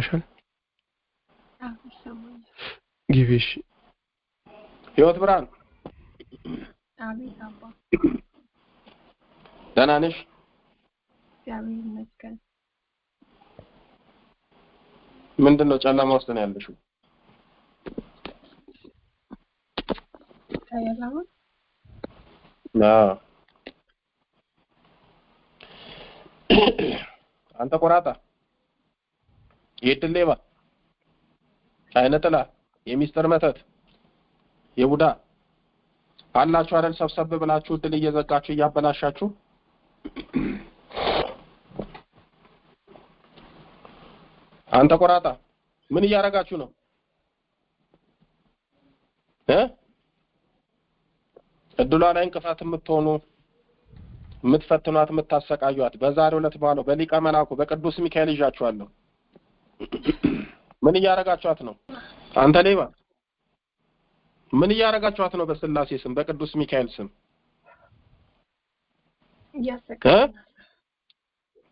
ይሰማሻል? ግቢሽ ህይወት ብርሃን ደህና ነሽ? እግዚአብሔር ይመስገን። ምንድን ነው ጨለማ ውስጥ ነው ያለሽው? አንተ ቆራጣ የድሌባ አይነጥላ የሚስጥር መተት የቡዳ አላችሁ አይደል? ሰብሰብ ብላችሁ እድል እየዘጋችሁ እያበላሻችሁ አንተ ቆራጣ ምን እያደረጋችሁ ነው እ እድሏ ላይ እንቅፋት የምትሆኑ የምትፈትኗት የምታሰቃዩት በዛሬው ዕለት ባለው በሊቀ መላኩ በቅዱስ ሚካኤል ይዣችኋለሁ። ምን እያረጋችኋት ነው? አንተ ሌባ ምን እያረጋችኋት ነው? በስላሴ ስም በቅዱስ ሚካኤል ስም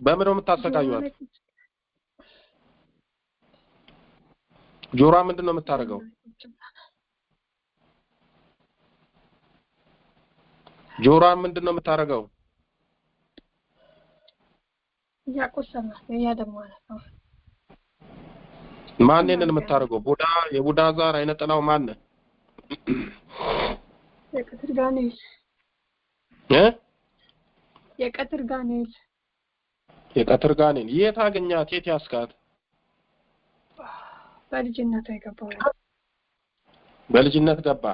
በምን ነው የምታሰቃዩት? ጆሯ ምንድን ነው የምታደርገው? ጆሯ ምንድን ነው የምታደርገው? ያቆሰናት ማንን የምታደርገው ቡዳ የቡዳ ዛር አይነጠላው ማን የቀትር ጋኔል እ የቀትር ጋኔል የቀትር ጋኔል የት አገኛት የት ያስካት በልጅነት አይገባው በልጅነት ገባ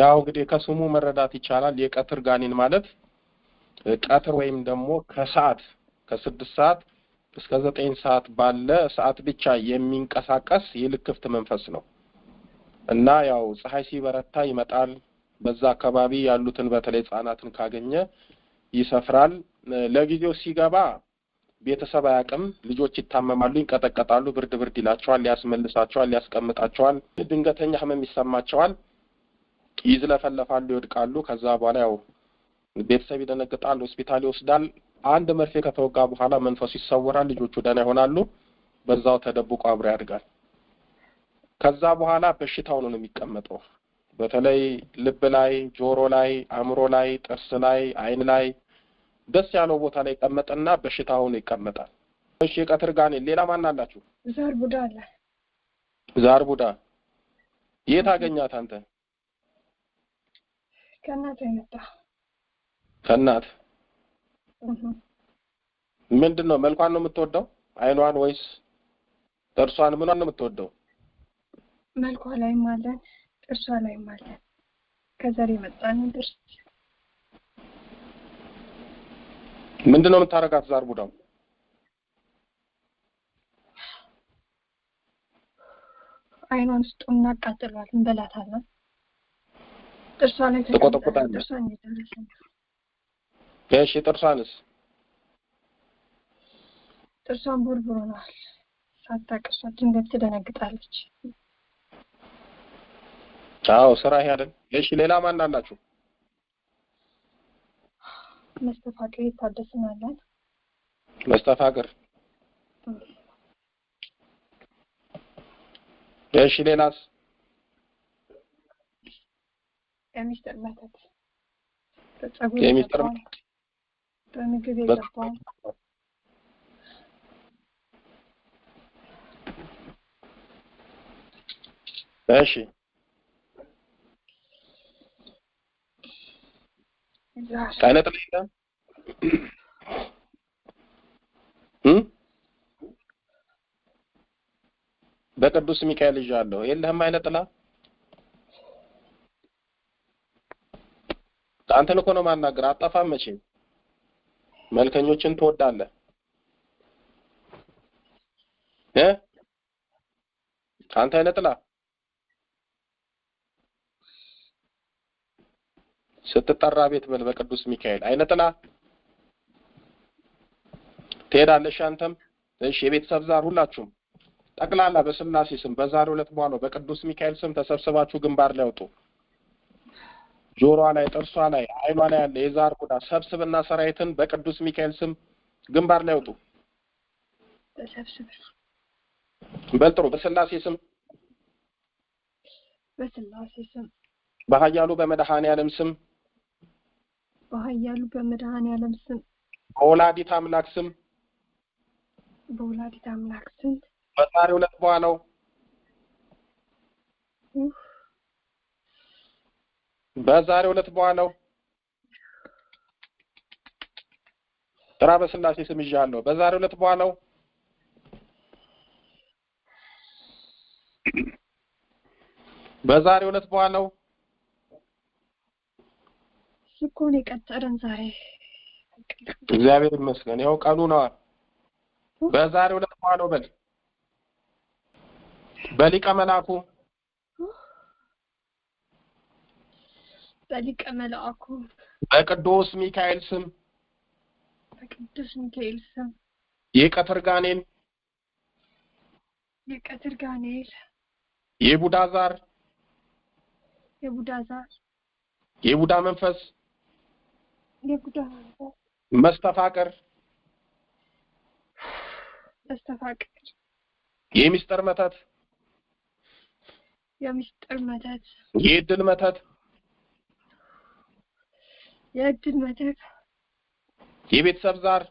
ያው እንግዲህ ከስሙ መረዳት ይቻላል የቀትር ጋኔል ማለት ቀትር ወይም ደግሞ ከሰዓት ከስድስት ሰዓት እስከ ዘጠኝ ሰዓት ባለ ሰዓት ብቻ የሚንቀሳቀስ የልክፍት መንፈስ ነው እና ያው ፀሐይ ሲበረታ ይመጣል። በዛ አካባቢ ያሉትን በተለይ ህጻናትን ካገኘ ይሰፍራል። ለጊዜው ሲገባ ቤተሰብ አያውቅም። ልጆች ይታመማሉ፣ ይንቀጠቀጣሉ፣ ብርድ ብርድ ይላቸዋል፣ ያስመልሳቸዋል፣ ያስቀምጣቸዋል። ድንገተኛ ህመም ይሰማቸዋል፣ ይዝለፈለፋሉ፣ ይወድቃሉ። ከዛ በኋላ ያው ቤተሰብ ይደነግጣል፣ ሆስፒታል ይወስዳል። አንድ መርፌ ከተወጋ በኋላ መንፈሱ ይሰወራል፣ ልጆቹ ደህና ይሆናሉ። በዛው ተደብቆ አብሮ ያድጋል። ከዛ በኋላ በሽታው ነው የሚቀመጠው። በተለይ ልብ ላይ፣ ጆሮ ላይ፣ አእምሮ ላይ፣ ጥርስ ላይ፣ አይን ላይ ደስ ያለው ቦታ ላይ ይቀመጥና በሽታው ነው ይቀመጣል። እሺ፣ የቀትር ጋኔን ሌላ ማን አላችሁ? ዛር ቡዳ አለ። ዛር ቡዳ የት አገኛት አንተ? ከእናት አይመጣ ከእናት ምንድን ነው መልኳን ነው የምትወደው አይኗን ወይስ ጥርሷን ምኗን ነው የምትወደው መልኳ ላይ ማለን። ጥርሷ ላይ ማለን ከዘር የመጣ ነው ጥርስ ምንድን ነው የምታረጋት ዛር ቡዳው አይኗን ውስጥ እናቃጥሏል እንበላታለን ጥርሷ ላይ ተቆጠቁጣለች እሺ ጥርሷንስ? ጥርሷን ቦርቡሮናል። ሳታውቅ እሷ ድንገት ትደነግጣለች። አዎ ስራ ይሄ አይደል? እሺ ሌላ ማን አላችሁ? መስተፋቅር የታደስን አለን። መስተፋቅር እሺ ሌላስ? የሚስጥር መተት የሚስጥር መተት ምግብ የገባው እሺ ጤና ይስጥልኝ በቅዱስ ሚካኤል ይዣለሁ የለህም አይነት ጥላ አንተን እኮ ነው ማናገር አጠፋም መቼም መልከኞችን ትወዳለህ እ አንተ አይነጥላ ስትጠራ ቤት በል በቅዱስ ሚካኤል አይነጥላ ትሄዳለሽ አንተም እሺ የቤተሰብ ዛር ሁላችሁም ጠቅላላ በስላሴ ስም በዛሬው ዕለት በኋላ በቅዱስ ሚካኤል ስም ተሰብስባችሁ ግንባር ላይ ወጡ ጆሯ ላይ፣ ጥርሷ ላይ፣ አይኗ ላይ ያለ የዛር ቆዳ ሰብስብና ሰራዊትን በቅዱስ ሚካኤል ስም ግንባር ላይ አውጡ። በል ጥሩ። በስላሴ ስም፣ በስላሴ ስም፣ በኃያሉ በመድኃኔ ዓለም ስም፣ በኃያሉ በመድኃኔ ዓለም ስም፣ በወላዲት አምላክ ስም፣ በወላዲት አምላክ ስም በዛሬው ዕለት በኋላው በዛሬው ዕለት በኋላው ጥራ በስላሴ ስም ይዣለሁ። በዛሬው ዕለት በኋላው በዛሬው ዕለት በኋላው እኮ ነው የቀጠረን ዛሬ እግዚአብሔር ይመስገን። ያው ቀኑ ነው። በዛሬው ዕለት በኋላው በል በሊቀ መላኩ በሊቀ መልአኩ በቅዱስ ሚካኤል ስም በቅዱስ ሚካኤል ስም የቀትር ጋኔን የቀትር ጋኔል የቡዳ ዛር የቡዳ ዛር የቡዳ መንፈስ የቡዳ መንፈስ መስተፋቅር መስተፋቅር የሚስጥር መተት የሚስጥር መተት የእድል መተት የእድል መደብ የቤተሰብ ዛር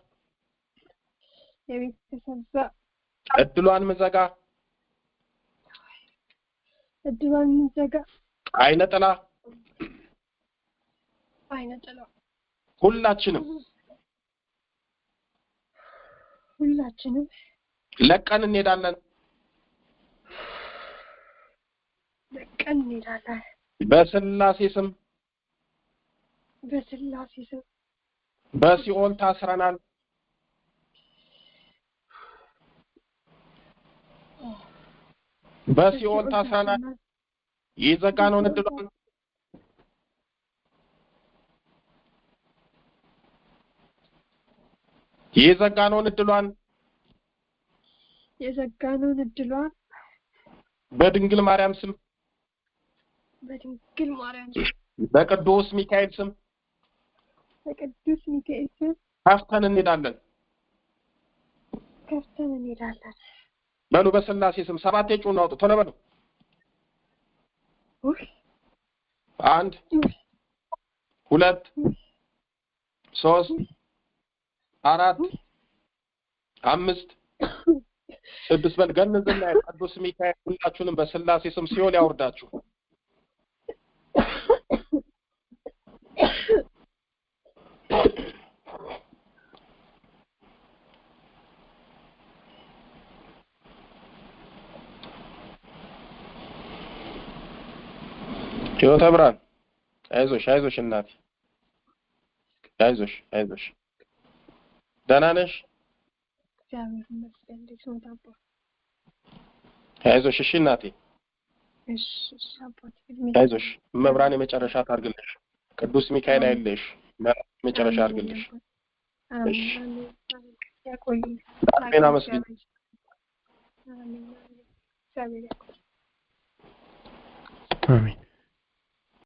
የቤተሰብ ዛር እድሏን ምዘጋ እድሏን ምዘጋ አይነ ጥላ አይነ ጥላ ሁላችንም ሁላችንም ለቀን እንሄዳለን ለቀን እንሄዳለን በስላሴ ስም በስላሴ ስም በሲኦል ታስረናል። በሲኦል ታስረናል። የዘጋ ነው እድሏን የዘጋ ነው እድሏን የዘጋ ነው እድሏን በድንግል ማርያም ስም በድንግል ማርያም ስም በቅዱስ ሚካኤል ስም በቅዱስ ሚካኤል ስም ከፍተን እንሄዳለን። ከፍተን እንሄዳለን። በሉ በስላሴ ስም ሰባቴ ጩና አውጡ። ቶሎ በሉ። አንድ ሁለት ሶስት አራት አምስት ስድስት በል ገንዝና ቅዱስ ሚካኤል ሁላችሁንም በስላሴ ስም ሲኦል ያወርዳችሁ። ጭወተ ብርሃን አይዞሽ አይዞሽ እናቴ አይዞሽ አይዞሽ ደህና ነሽ? አይዞሽ እሺ እናቴ አይዞሽ። መብራን የመጨረሻ ታርግልሽ። ቅዱስ ሚካኤል አይለሽ። መጨረሻ አርግልሽ። እሺ ራሴን አሜን